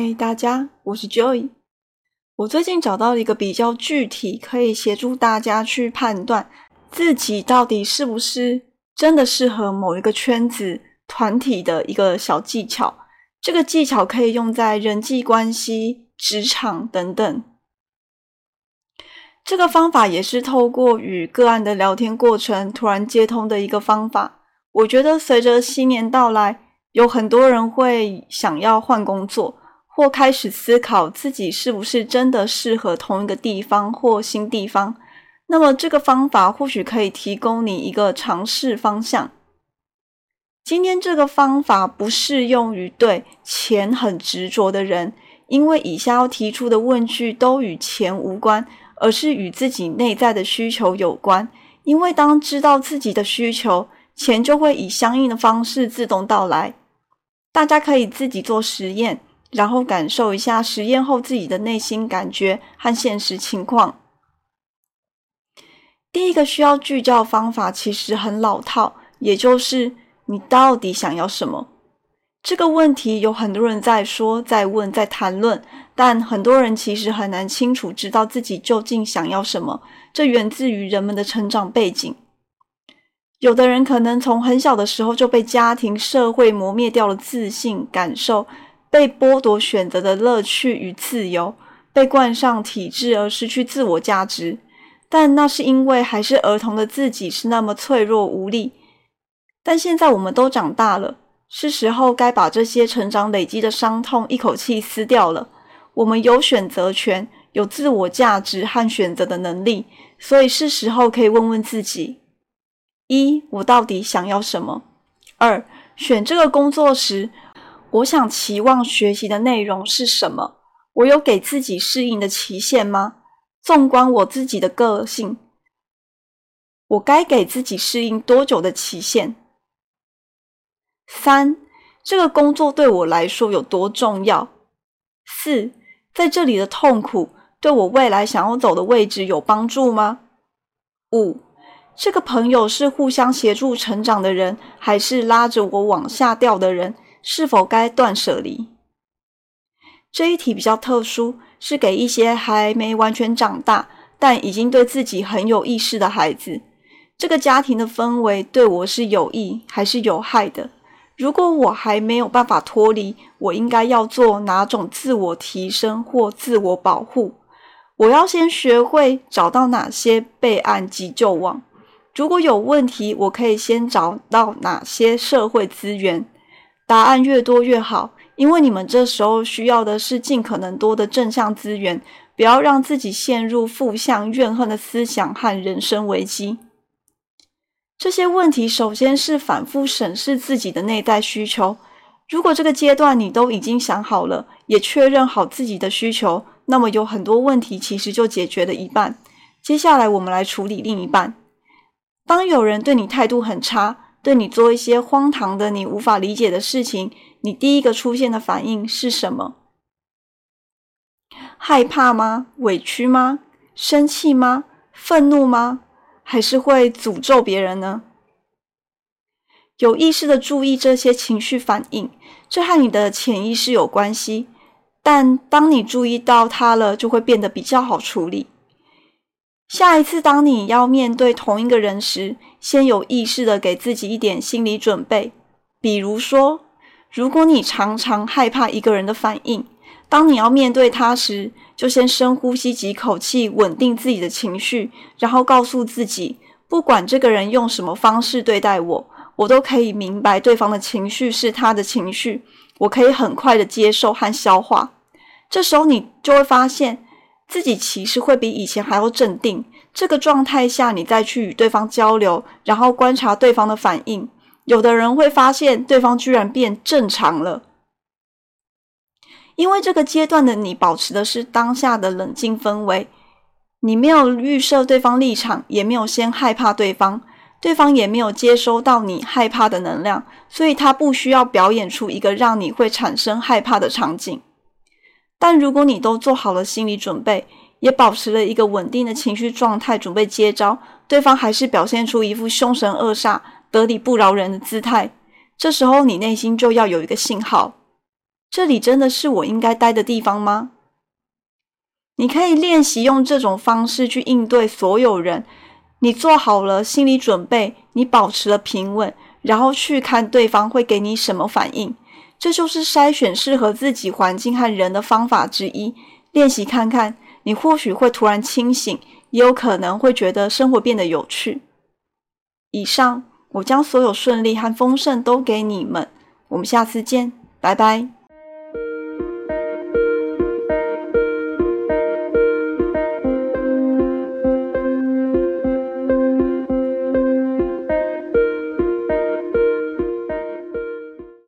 嗨，大家，我是 Joy。我最近找到一個比較具體，可以協助大家去判斷自己到底是不是真的適合某一個圈子、團體的一個小技巧。這個技巧可以用在人際關係、職場等等。這個方法也是透過與個案的聊天過程突然接通的一個方法。我覺得隨着新年到來，有很多人會想要換工作。或開始思考自己是不是真的適合同一個地方或新地方，那麼這個方法或許可以提供你一個嘗試方向。今天這個方法不適用於對錢很執着的人，因為以下要提出的問句都與錢無關，而是與自己內在的需求有關。因為當知道自己的需求，錢就會以相應的方式自動到來。大家可以自己做實驗。然後感受一下實驗後自己的內心感覺和現實情況。第一個需要聚焦的方法其實很老套，也就是你到底想要什麼？這個問題有很多人在說、在問、在談論，但很多人其實很難清楚知道自己究竟想要什麼。這源自於人們的成長背景，有的人可能從很小的時候就被家庭、社會磨滅掉了自信感受。被剝奪選擇的樂趣與自由，被冠上體制而失去自我價值，但那是因為還是兒童的自己是那麼脆弱無力。但現在我們都長大了，是時候該把這些成長累積的傷痛一口氣撕掉了。我們有選擇權，有自我價值和選擇的能力，所以是時候可以問問自己：一，我到底想要什麼？二，選這個工作時，我想期望學習的內容是什麼？我有給自己適應的期限嗎？縱觀我自己的個性，我該給自己適應多久的期限？三，這個工作對我來說有多重要？四，在這裡的痛苦對我未來想要走的位置有幫助嗎？五，這個朋友是互相協助成長的人，還是拉着我往下掉的人？是否該斷捨離？這一題比較特殊，是給一些還沒完全長大但已經對自己很有意識的孩子。這個家庭的氛圍對我是有益還是有害的？如果我還沒有辦法脫離，我應該要做哪種自我提升或自我保護？我要先學會找到哪些備案急救網？如果有問題，我可以先找到哪些社會資源？答案越多越好，因為你們這時候需要的是盡可能多的正向資源，不要讓自己陷入負向怨恨的思想和人生危機。這些問題首先是反覆審視自己的內在需求。如果這個階段你都已經想好了，也確認好自己的需求，那麼有很多問題其實就解決了一半。接下來我們來處理另一半。當有人對你態度很差，對你做一些荒唐的、你無法理解的事情，你第一個出現的反應是什麼？害怕嗎？委屈嗎？生氣嗎？憤怒嗎？還是會詛咒別人呢？有意識的注意這些情緒反應，這和你的潛意識有關係。但當你注意到它了，就會變得比較好處理。下一次當你要面對同一個人時，先有意識的給自己一點心理準備，比如說，如果你常常害怕一個人的反應，當你要面對他時，就先深呼吸幾口氣，穩定自己的情緒，然後告訴自己，不管這個人用什麼方式對待我，我都可以明白對方的情緒是他的情緒，我可以很快的接受和消化。這時候你就會發現。自己其實會比以前還要鎮定。這個狀態下，你再去與對方交流，然後觀察對方的反應。有的人會發現，對方居然變正常了。因為這個階段的你，保持的是當下的冷靜氛圍，你沒有預設對方立場，也沒有先害怕對方，對方也沒有接收到你害怕的能量，所以他不需要表演出一個讓你會產生害怕的場景。但如果你都做好了心理準備，也保持了一個穩定的情緒狀態，準備接招，對方還是表現出一副凶神惡煞、得理不饒人的姿態，這時候你內心就要有一個信號：這裡真的是我應該待的地方嗎？你可以練習用這種方式去應對所有人。你做好了心理準備，你保持了平穩，然後去看對方會給你什麼反應。這就是篩選適合自己環境和人的方法之一。練習看看，你或許會突然清醒，也有可能會覺得生活變得有趣。以上，我將所有順利和豐盛都給你們。我們下次見，拜拜。